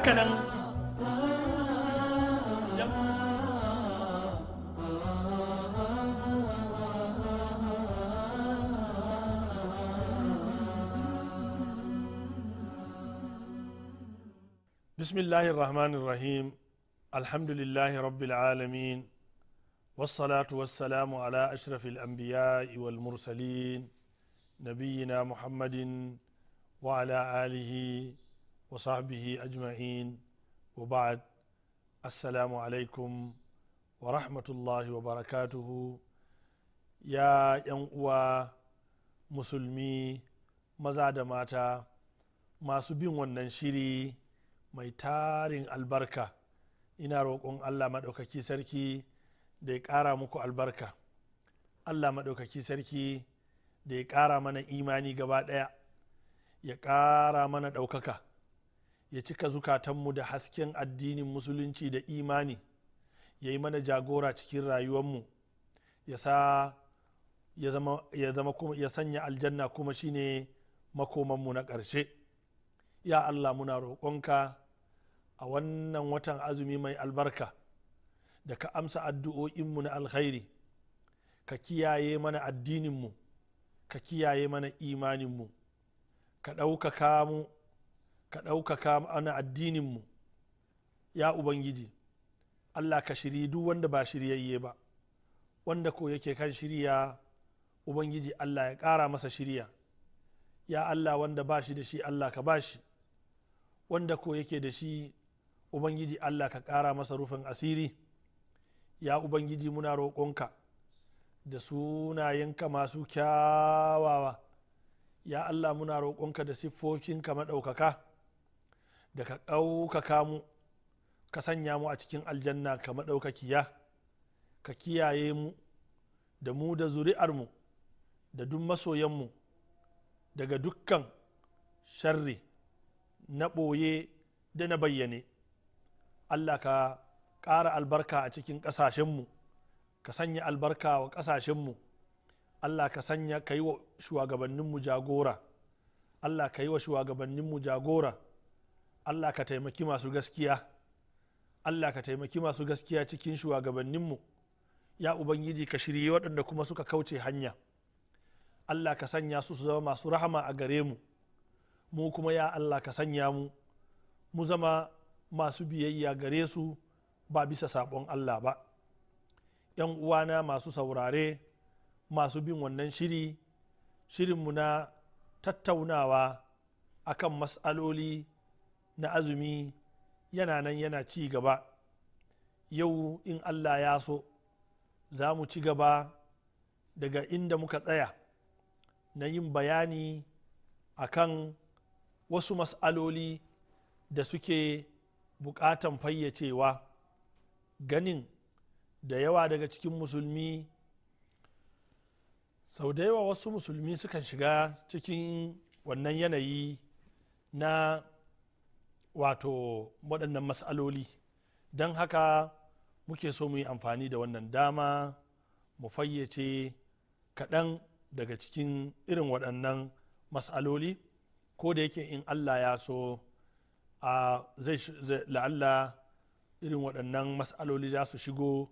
haka nan بسم الله الرحمن الرحيم الحمد لله رب العالمين والصلاة والسلام على أشرف الأنبياء والمرسلين نبينا محمد وعلى آله وصحبه أجمعين alaikum wa rahmatullahi wa الله Ya يا uwa musulmi maza da mata masu bin wannan shiri mai tarin albarka ina roƙon allah maɗaukaki sarki da ya ƙara muku albarka allah maɗaukaki sarki da ya ƙara mana imani gaba ɗaya ya ƙara mana ɗaukaka ya cika zukatanmu da hasken addinin musulunci da imani ya yi mana jagora cikin rayuwanmu ya sa ya zama ya sanya aljanna kuma shine makomanmu na ƙarshe ya allah muna roƙonka a wannan watan azumi mai albarka da ka amsa addu'o'inmu na alkhairi ka kiyaye mana addininmu ka kiyaye mana imaninmu ka ɗaukaka mu ka ɗaukaka mana addininmu ya ubangiji allah ka shiri duk wanda ba shiryayye ba wanda ko yake kan shirya ubangiji allah ya ƙara masa shirya ya allah wanda ba shi da shi allah ka ba shi wanda ko yake da shi ubangiji allah ka ƙara masa rufin asiri ya ubangiji muna roƙonka da sunayenka masu kyawawa ya allah muna roƙonka da siffofinka maɗaukaka da ka ɗaukaka mu ka sanya mu a cikin aljanna ka maɗaukakiya ka kiyaye mu da mu da zuri'ar mu da duk mu daga dukkan sharri na ɓoye da na bayyane allah ka ƙara albarka a cikin ƙasashenmu ka sanya albarka wa ƙasashenmu allah ka sanya ka yi wa shugabanninmu jagora allah ka yi wa shugabanninmu jagora allah ka taimaki masu gaskiya allah ka taimaki masu gaskiya cikin shugabanninmu ya ubangiji ka shirye waɗanda kuma suka kauce hanya allah ka sanya su su zama masu rahama a gare mu mu kuma ya allah ka sanya mu mu zama masu biyayya gare su ba bisa saɓon allah ba yan uwana masu saurare masu bin wannan shiri shirinmu na tattaunawa akan mas'aloli na azumi yana nan yana ci gaba yau in allah ya so za mu ci gaba daga inda muka tsaya na yin bayani a kan wasu mas'aloli da suke bukatan fayyacewa ganin da yawa daga cikin musulmi sau da yawa wasu musulmi sukan shiga cikin wannan yanayi na wato waɗannan matsaloli don haka muke so mu yi amfani da wannan dama mu fayyace kaɗan daga cikin irin waɗannan matsaloli ko da yake in allah ya so a zai la'alla irin waɗannan matsaloli za su shigo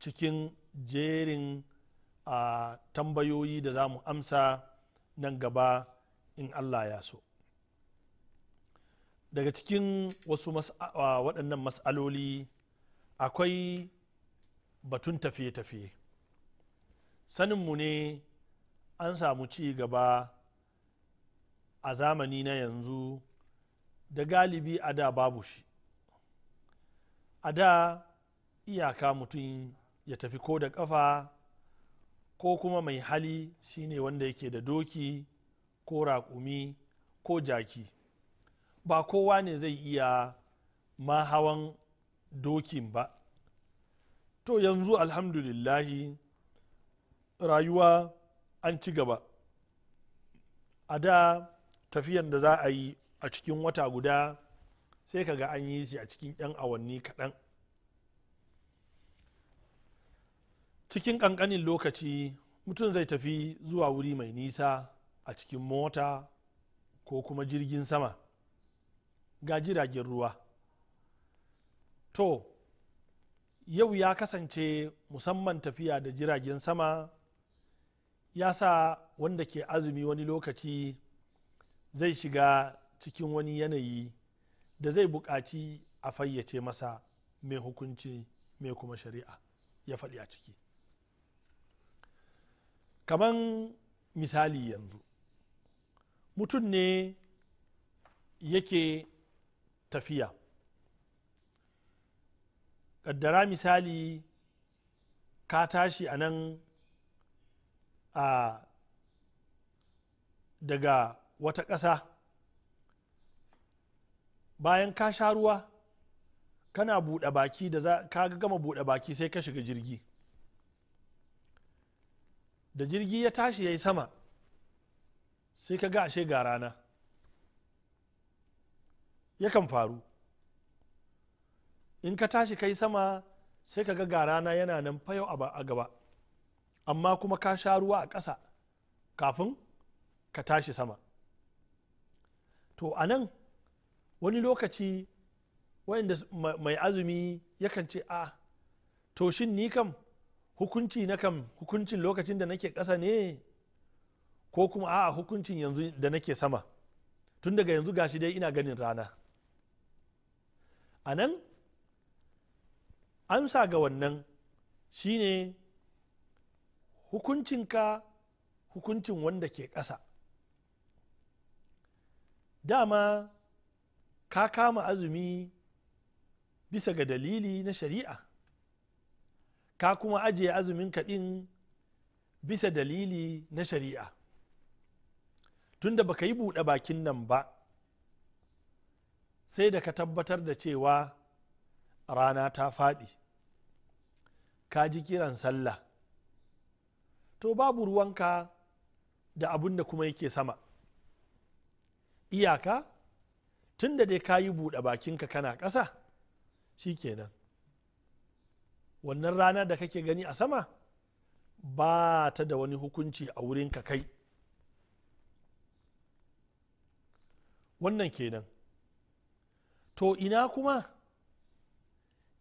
cikin jerin a tambayoyi da za mu amsa nan gaba in allah ya so daga cikin wasu waɗannan mas'aloli akwai batun tafiye-tafiye saninmu ne an samu ci gaba a zamani na yanzu da galibi a da babu shi a da iyaka mutum ya tafi ko da ƙafa ko kuma mai hali shine wanda yake da doki ko raƙumi ko jaki ba kowa ne zai iya ma hawan dokin ba to yanzu alhamdulillahi rayuwa an ci gaba a da tafiyan da za a yi a cikin wata guda sai ka ga an yi shi a cikin 'yan awanni kaɗan cikin ƙanƙanin lokaci mutum zai tafi zuwa wuri mai nisa a cikin mota ko kuma jirgin sama ga jiragen ruwa to yau ya kasance musamman tafiya da jiragen sama ya sa wanda ke azumi wani lokaci zai shiga cikin wani yanayi da zai buƙaci a fayyace masa mai hukunci mai kuma shari'a ya faɗi a ciki kaman misali yanzu mutum ne yake tafiya ƙaddara misali ka tashi a nan a daga wata ƙasa bayan ka sha ruwa kana buɗe baki da za ka gama buɗe baki sai ka shiga jirgi da jirgi ya tashi ya yi sama sai ka ga ashe ga rana yakan faru in ka tashi kai sama sai ka ga rana yana nan fayau a gaba amma kuma ka sha ruwa a ƙasa kafin ka tashi sama to a nan wani lokaci wanda mai azumi yakan ce a to shin ni kam hukunci na kam hukuncin lokacin da nake ƙasa ne ko kuma a hukuncin yanzu da nake sama tun daga yanzu gashi dai ina ganin rana a nan amsa ga wannan shine hukuncinka hukuncin wanda ke ƙasa dama ka kama azumi bisa ga dalili na shari'a ka kuma ajiye azumin kaɗin bisa dalili na shari'a tunda baka yi buɗe bakin nan ba sai da ka tabbatar da cewa rana ta faɗi ka ji kiran sallah to babu ruwanka da abun da kuma yake sama iyaka tun da dai ka yi buɗe bakinka kana ƙasa shi kenan wannan rana da kake gani a sama ba ta da wani hukunci a wurinka kai wannan kenan to ina kuma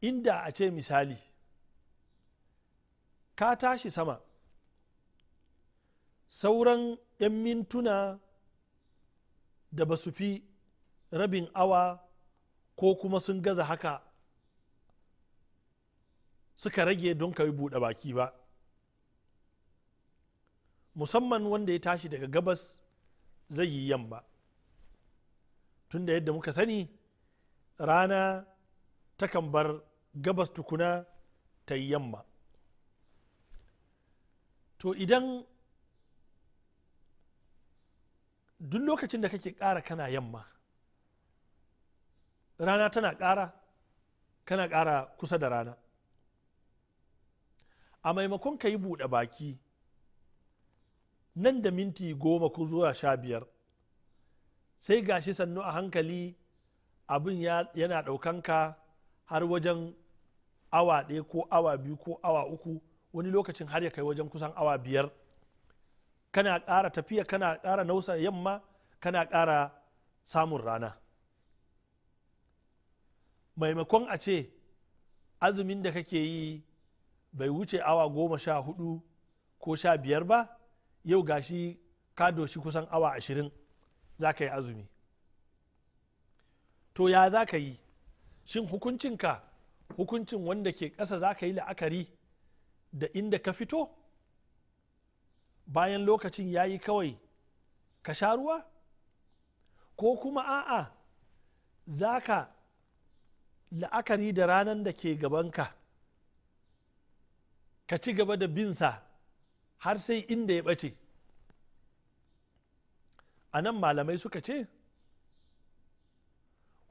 inda a ce misali ka tashi sama sauran 'yan mintuna da ba su fi rabin awa ko kuma sun gaza haka suka rage don ka yi buɗe baki ba musamman wanda ya tashi daga gabas zai yi yamma tunda yadda muka sani rana takan bar gabas tukuna ta yamma to idan duk lokacin da kake ƙara kana yamma rana tana ƙara kana ƙara kusa da rana a maimakon ka yi buɗe baki nan da minti goma ko zuwa sha biyar sai gashi sannu a hankali abin yana ɗaukan ka har wajen awa ɗaya ko awa biyu ko awa uku wani lokacin har ya kai wajen kusan awa biyar kana ƙara tafiya kana ƙara nausa yamma kana ƙara samun rana maimakon a ce azumin da kake yi bai wuce awa goma sha hudu ko sha biyar ba yau gashi ka doshi kusan awa ashirin za ka yi azumi to ya za ka yi shin hukuncinka hukuncin wanda ke ƙasa za ka yi la'akari da inda ka fito bayan lokacin ya yi kawai ka sha ruwa ko kuma a'a za ka la'akari da ranar da ke gabanka ka ci gaba da binsa har sai inda ya ɓace a nan malamai suka ce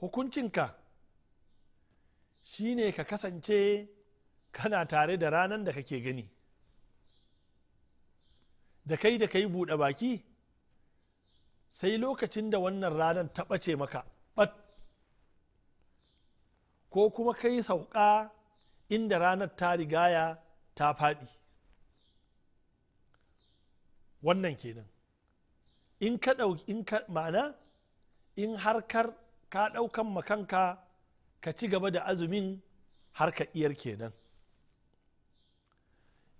hukuncinka shine ka kasance kana tare da ranan da kake gani da kai da kai buɗe baki sai lokacin da wannan ranar ta ɓace maka ɓat ko kuma kai sauƙa inda ranar ta rigaya ta faɗi wannan kenan in ka ɗauki in ka ma'ana in harkar ka ɗaukan makanka ka ci gaba da azumin har ka iyar kenan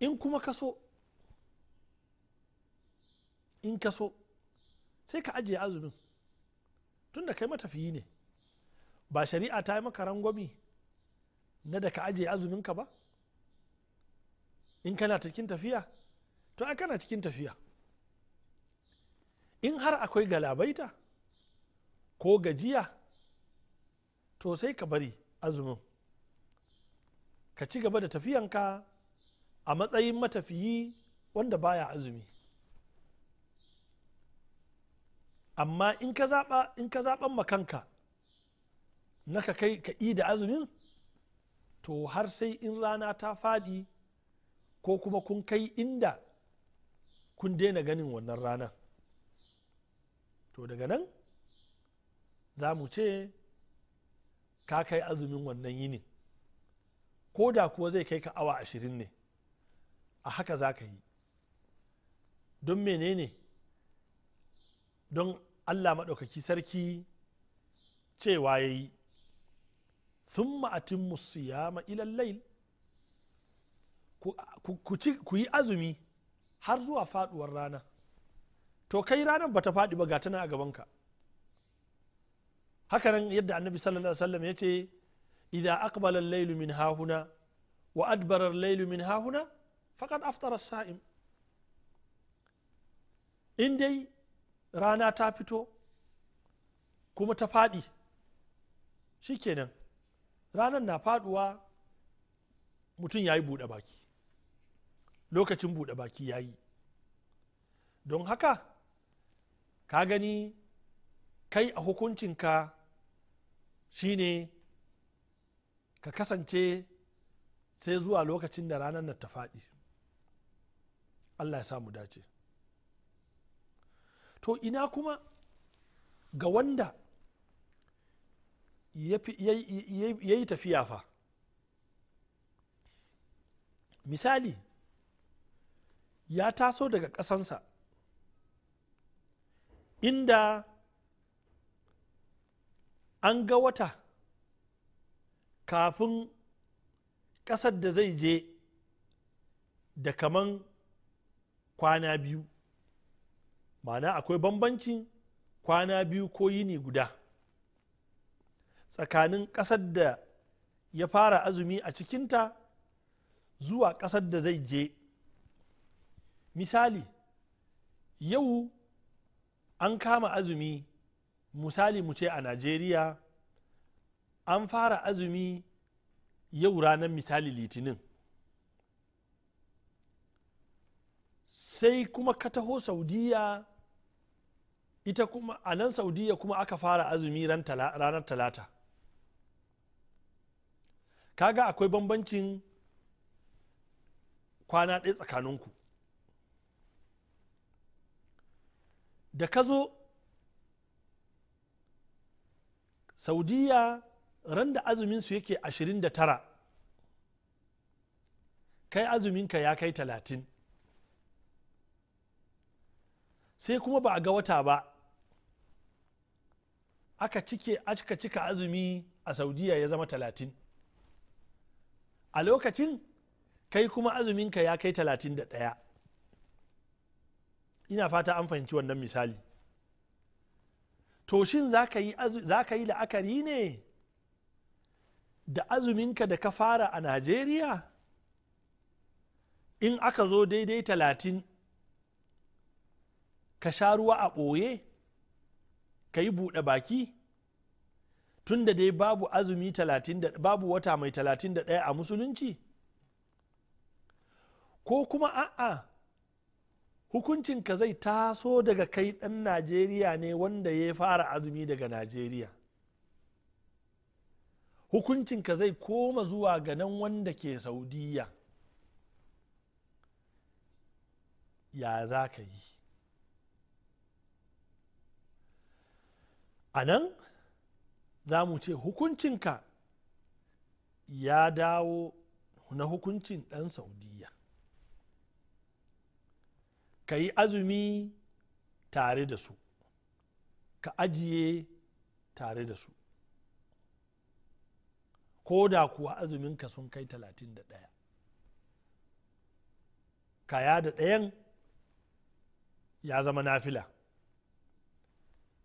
in kuma ka so in ka so sai ka ajiye azumin Tun da kai matafiyi ne ba shari'a ta yi maka rangwami na da ka ajiye azuminka ba in kana cikin tafiya to ai kana cikin tafiya in har akwai galabaita ko gajiya to sai ka bari azumin ka ci gaba da tafiyanka a matsayin matafiyi wanda baya azumi amma in ka zaɓa in ka zaɓan makanka na ka kai ka da azumin to har sai in rana ta faɗi ko kuma kun kai inda kun daina ganin wannan rana to daga nan za mu ce ka kai azumin wannan yinin ko da kuwa zai kai ka awa ashirin ne a haka za ka yi don menene don allah maɗaukaki sarki cewa ya yi sun ma'atin musiyama ilallai ku yi azumi har zuwa faduwar rana to kai ranar ba ta faɗi ba ga tana a gabanka hakanan yadda annabi sallallahu alaihi wasallam ya idza aqbala al min hahuna wa adbara al-laylu min hahuna faqad aftara saim in dai rana ta fito kuma ta faɗi shikenan ranar na faduwa mutum ya yi buɗe baki lokacin buɗe baki ya yi don haka ka gani kai a hukuncinka shine ka kasance sai zuwa lokacin da ranar na ta faɗi allah ya samu dace to ina kuma ga wanda ya yi tafiya fa misali ya taso daga ƙasansa inda an ga wata kafin ƙasar da zai je da kaman kwana biyu mana akwai bambancin kwana biyu ko yini guda tsakanin ƙasar da ya fara azumi a cikinta zuwa ƙasar da zai je misali yau an kama azumi misali mu ce a najeriya an fara azumi yau ranar misali litinin sai kuma ka taho saudiya ita kuma a nan saudiya kuma aka fara azumi ranar talata kaga akwai bambancin kwana ɗaya tsakaninku da ka zo saudiya ran da su yake 29 kai azuminka ya kai 30 sai kuma ba a ga wata ba aka cike aka cika azumi a saudiya ya zama 30 a lokacin kai kuma azuminka ya kai 31 ina fata an fahimci wannan misali to shin za ka yi la'akari ne da azuminka da ka fara a najeriya in aka zo daidai talatin ka sha ruwa a ɓoye ka yi buɗe baki tun da dai babu azumi talatin da babu wata mai talatin da ɗaya a musulunci ko kuma a'a hukuncinka zai taso daga kai ɗan najeriya ne wanda ya fara azumi daga najeriya hukuncinka zai koma zuwa ga nan wanda ke saudiya ya za ka yi a nan za mu ce hukuncinka ya dawo na hukuncin ɗan saudiya ka yi azumi tare da su ka ajiye tare da su ko da kuwa azuminka sun kai talatin da ɗaya kaya da ɗayan ya zama nafila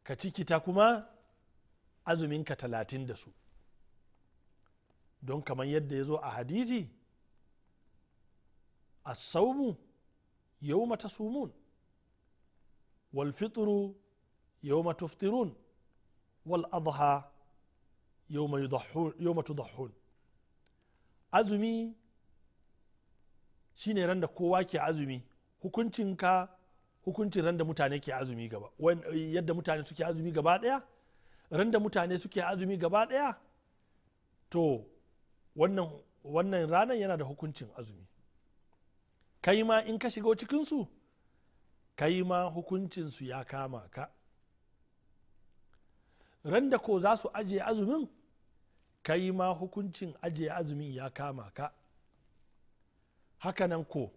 ka ciki ta kuma azuminka talatin da su don kamar yadda ya zo a hadisi a saumu yawma tasumun wal fitru yawma tuftirun wal adha yawma tudahhun azumi shine ran da kowa ke azumi hukuncin ran da mutane ke azumi gaba yadda mutane suke azumi gaba daya ran da mutane suke azumi gaba daya to wannan ranar yana da hukuncin azumi kai ma in ka shiga cikinsu kai ma hukuncinsu ya kama ka randa ko za su ajiye azumin kai ma hukuncin ajiye azumin ya kama ka hakanan ko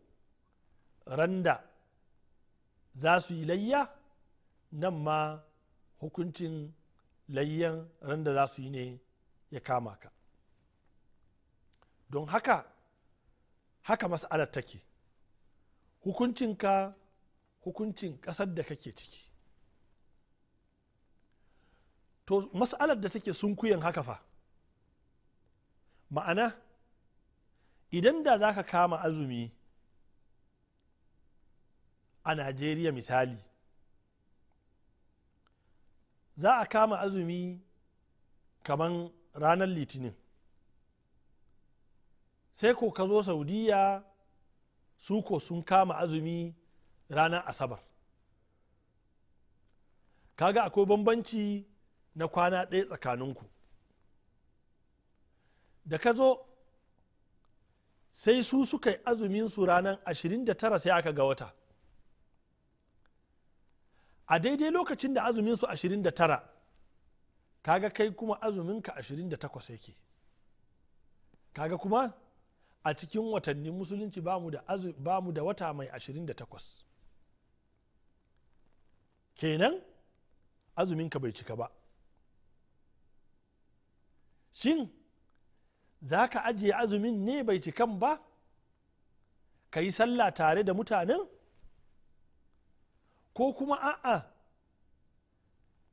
randa za su yi layya nan ma hukuncin layyan randa za su yi ne ya kama ka don haka haka mas'alar take hukuncinka hukuncin ƙasar da kake ciki to mas'alar da take sunkuyen haka fa ma'ana idan da za ka kama azumi a najeriya misali za a kama azumi kaman ranar litinin sai ko ka zo saudiya su ko sun kama azumi ranar asabar kaga akwai bambanci na kwana ɗaya tsakaninku da ka zo sai su suka yi azuminsu ranar 29 sai aka ga wata a daidai lokacin da azuminsu 29 kaga kai kuma azuminka 28 yake kaga kuma a cikin watannin musulunci ba mu da wata mai 28 kenan azuminka bai cika ba shin za ka ajiye azumin ne bai cikan ba ka yi sallah tare da mutanen ko kuma a'a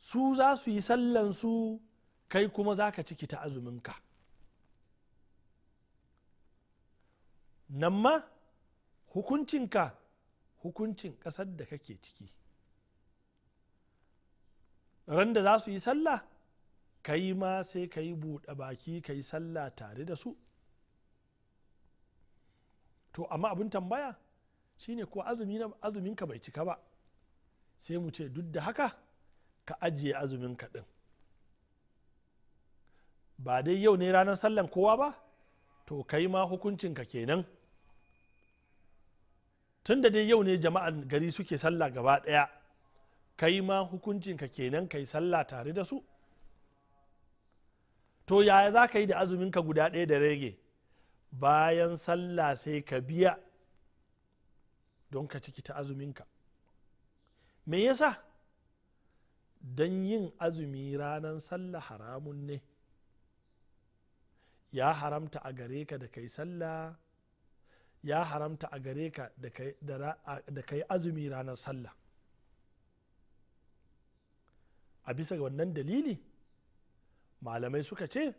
su za su yi sallansu kai kuma za ka ciki ta azuminka nan ma hukuncinka hukuncin ƙasar da kake ciki ran da za su yi sallah ka yi ma sai ka yi buɗe baki ka yi sallah tare da su to amma abin tambaya shine ko azuminka bai cika ba sai mu ce duk da haka ka ajiye azuminka ɗin ba dai yau ne ranar sallan kowa ba to kai ma hukuncinka kenan tun da dai yau ne jama'an gari suke sallah gaba ɗaya kai ma hukuncin ka kenan kai sallah tare da su to yaya za ka yi da azuminka guda ɗaya da rage bayan sallah sai ka biya don ka ciki ta azuminka me yasa don yin azumi ranar sallah haramun ne ya haramta a gare ka da kai sallah ya haramta a gare ka da ka yi azumi ranar sallah a bisa ga wannan dalili malamai suka ce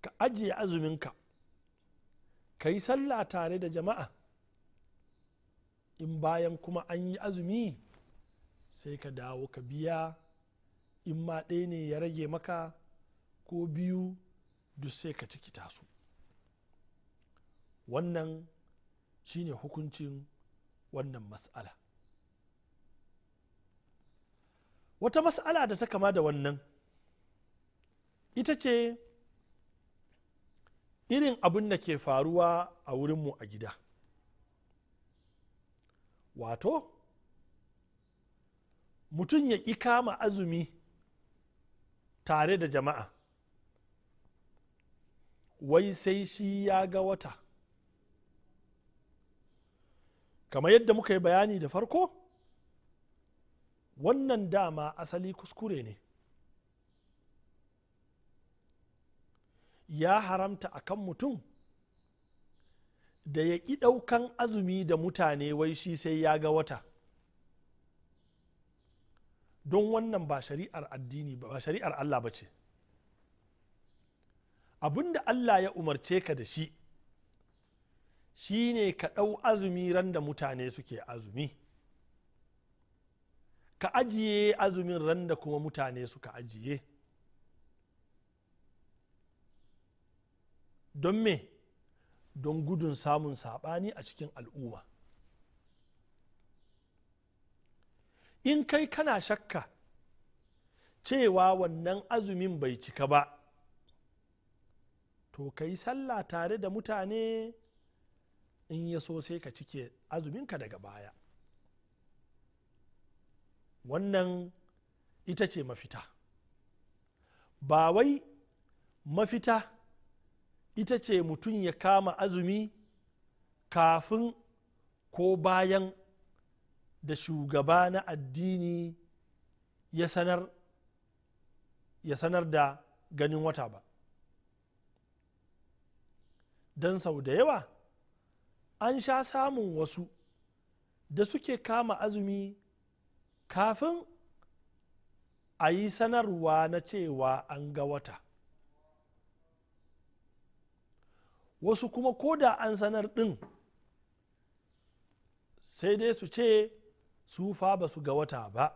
ka ajiye azuminka ka yi sallah tare da jama'a in bayan kuma an yi azumi sai ka dawo ka biya in ma ɗaya ne ya rage maka ko biyu duk sai ka ciki su. wannan shi ne hukuncin wannan mas'ala wata mas'ala da ta kama da wannan ita ce irin abin da ke faruwa a wurinmu a gida wato mutum ya ƙi kama azumi tare da jama'a wai sai shi ya ga wata kamar yadda muka yi bayani da farko wannan dama asali kuskure ne ya haramta a kan mutum da ya ƙi ɗaukan azumi da mutane wai shi sai ya ga wata don wannan ba shari'ar addini ba shari'ar allah ba ce abinda allah ya umarce ka da shi shine ka ɗau azumi ran da mutane suke azumi ka ajiye azumin ran da kuma mutane suka ajiye don me don gudun samun saɓani a cikin al'umma in kai kana shakka cewa wannan azumin bai cika ba to ka yi sallah tare da mutane in ya so sai ka cike azuminka daga baya wannan ita ce mafita ba wai mafita ita ce mutum ya kama azumi kafin ko bayan da shugaba na addini ya sanar ya sanar da ganin wata ba don sau da yawa an sha samun wasu da suke kama azumi kafin a yi sanarwa na cewa an ga wata wasu kuma ko da an sanar ɗin sai dai su ce su fa ba su ga wata ba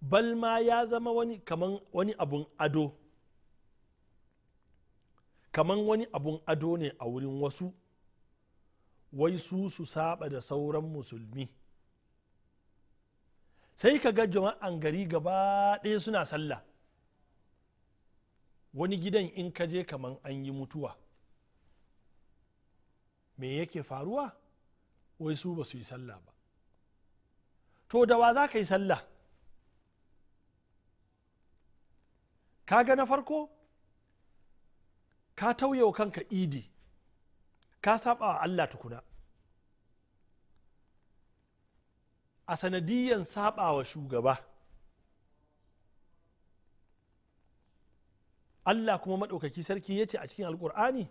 balma ya zama wani kaman wani abun ado kaman wani abun ado ne a wurin wasu wai su su saba da sauran musulmi sai ka ga jama'an gari gaba ɗaya suna sallah wani gidan in ka je kaman an yi mutuwa me yake faruwa wai su ba su yi sallah ba to da wa za ka yi sallah ka ga na farko ka tauye wa kanka idi ka saba wa allah tukuna a sanadiyan saba wa shugaba allah kuma maɗaukaki sarki ya ce a cikin alkur'ani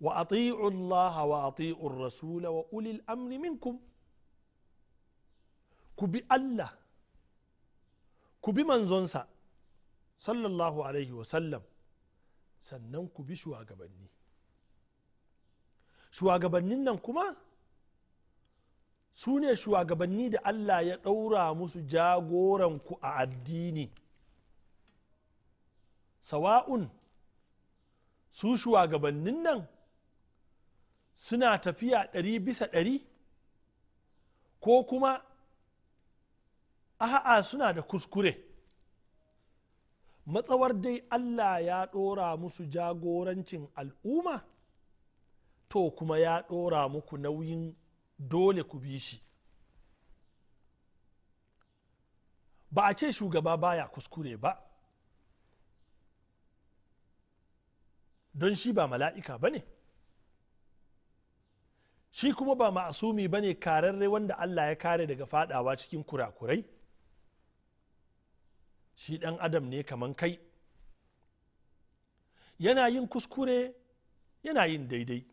wa ati'u allaha wa ati'u rasula wa ulil amri minkum ku bi allah ku bi manzonsa sallallahu alaihi wasallam sannan ku bi shugabanni shugabannin nan kuma su ne shugabanni da allah ya ɗaura musu jagoranku a addini sawa'un su shugabannin nan suna tafiya ɗari bisa ɗari ko kuma a'a suna da kuskure matsawar dai allah ya ɗora musu jagorancin al'umma to kuma ya ɗora muku nauyin dole ku bi shi ba a ce shugaba baya kuskure ba don shi ba mala'ika ba ne shi kuma ba ma'asumi ba ne kararre wanda allah ya kare daga fadawa cikin kurakurai shi ɗan adam ne kaman kai yana yin kuskure yana yin daidai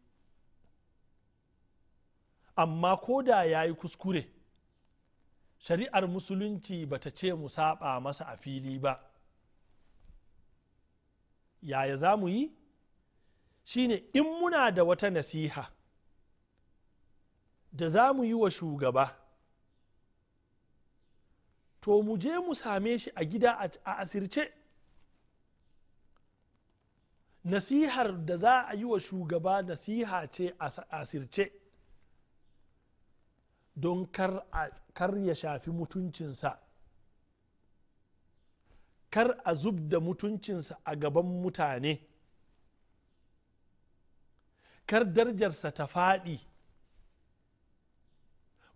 amma ko da ya yi kuskure shari'ar musulunci ba ta ce mu saba masa a fili ba yaya za mu yi shine in muna da wata nasiha da za mu yi wa shugaba to mu je mu same shi a gida a asirce nasihar da za a yi wa shugaba nasiha ce a asirce don kar kar ya shafi mutuncinsa kar a zub da mutuncinsa a gaban mutane kar darjarsa ta faɗi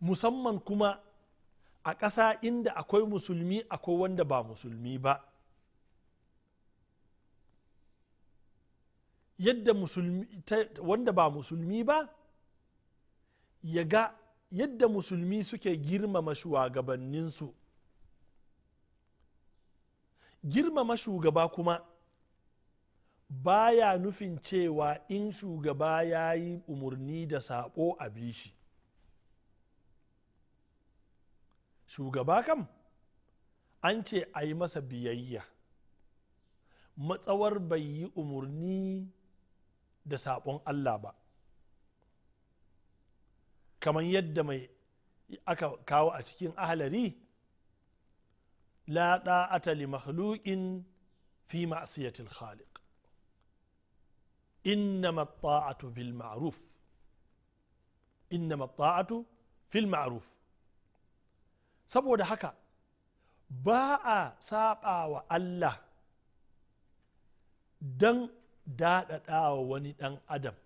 musamman kuma a ƙasa inda akwai musulmi akwai wanda ba musulmi ba yadda musulmi, wanda ba musulmi ba ya ga yadda musulmi suke girmama shugabanninsu girmama shugaba kuma baya nufin cewa in shugaba ya yi umarni da saɓo a bishi shugaba kam an ce a yi masa biyayya matsawar bai yi umarni da saɓon allah ba kamar yadda mai aka kawo a cikin ahalari la da'ata li makhluqin fi ma'siyatil khaliq innama ta'atu bil ma'ruf innama ta'atu fil ma'ruf saboda haka ba a saba wa Allah don daɗaɗawa wani ɗan adam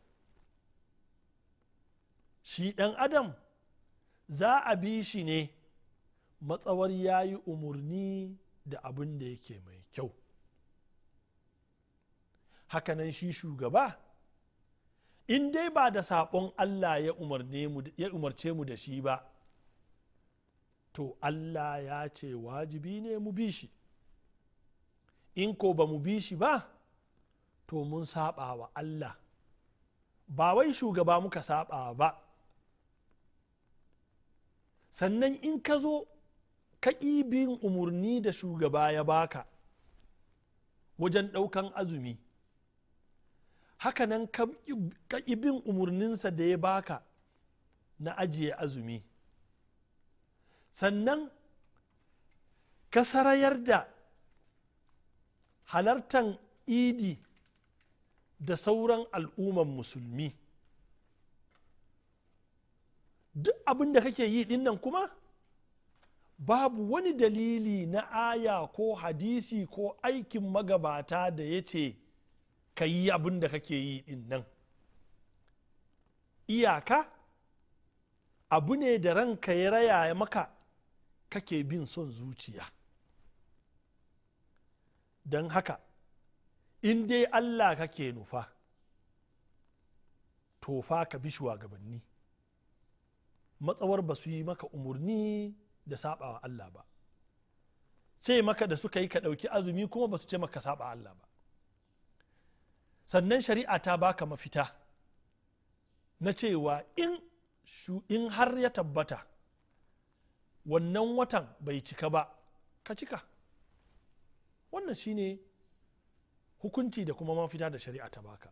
shi ɗan adam za a bi shi ne matsawar ya yi umarni da abin da yake mai kyau hakanan shi shugaba in dai ba da saƙon allah ya umarce mu da shi ba to allah ya ce wajibi ne mu bi shi in ko ba mu bi shi ba to mun saɓa wa allah ba wai shugaba muka saɓa ba sannan in ka zo ka ibin umarni da shugaba ya baka wajen ɗaukan azumi hakanan ka ibin umarninsa da ya baka na ajiye azumi sannan ka sarayar da halartan idi da sauran al'umman musulmi duk abin da kake yi dinnan kuma babu wani dalili na aya ko hadisi ko aikin magabata da ya ce ka yi abin da kake yi dinnan iyaka abu ne da ranka ya raya maka kake bin son zuciya don haka in dai allah kake nufa to fa ka bi shugabanni matsawar ba su yi maka umarni da sabawa Allah ba ce maka da suka yi ka ɗauki azumi kuma ba su ce maka saba Allah ba sannan shari'a ta baka mafita na cewa in in har ya tabbata wannan watan bai cika ba ka cika wannan shine hukunci da kuma mafita da shari'a ta baka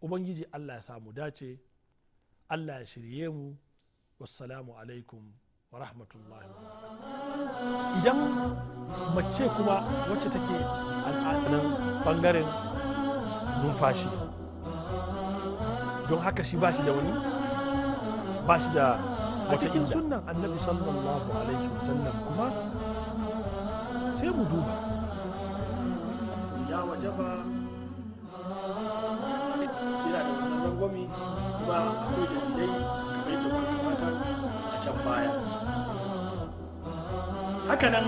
ubangiji allah ya samu dace allah ya shirye mu wassalamu alaikum wa rahmatullahi idan mace kuma wacce take al'adunan bangaren numfashi don haka shi ba shi da wani ba shi da a cikin sunan annabi sallallahu alaihi wasallam kuma sai mu duba ya wajaba baya nan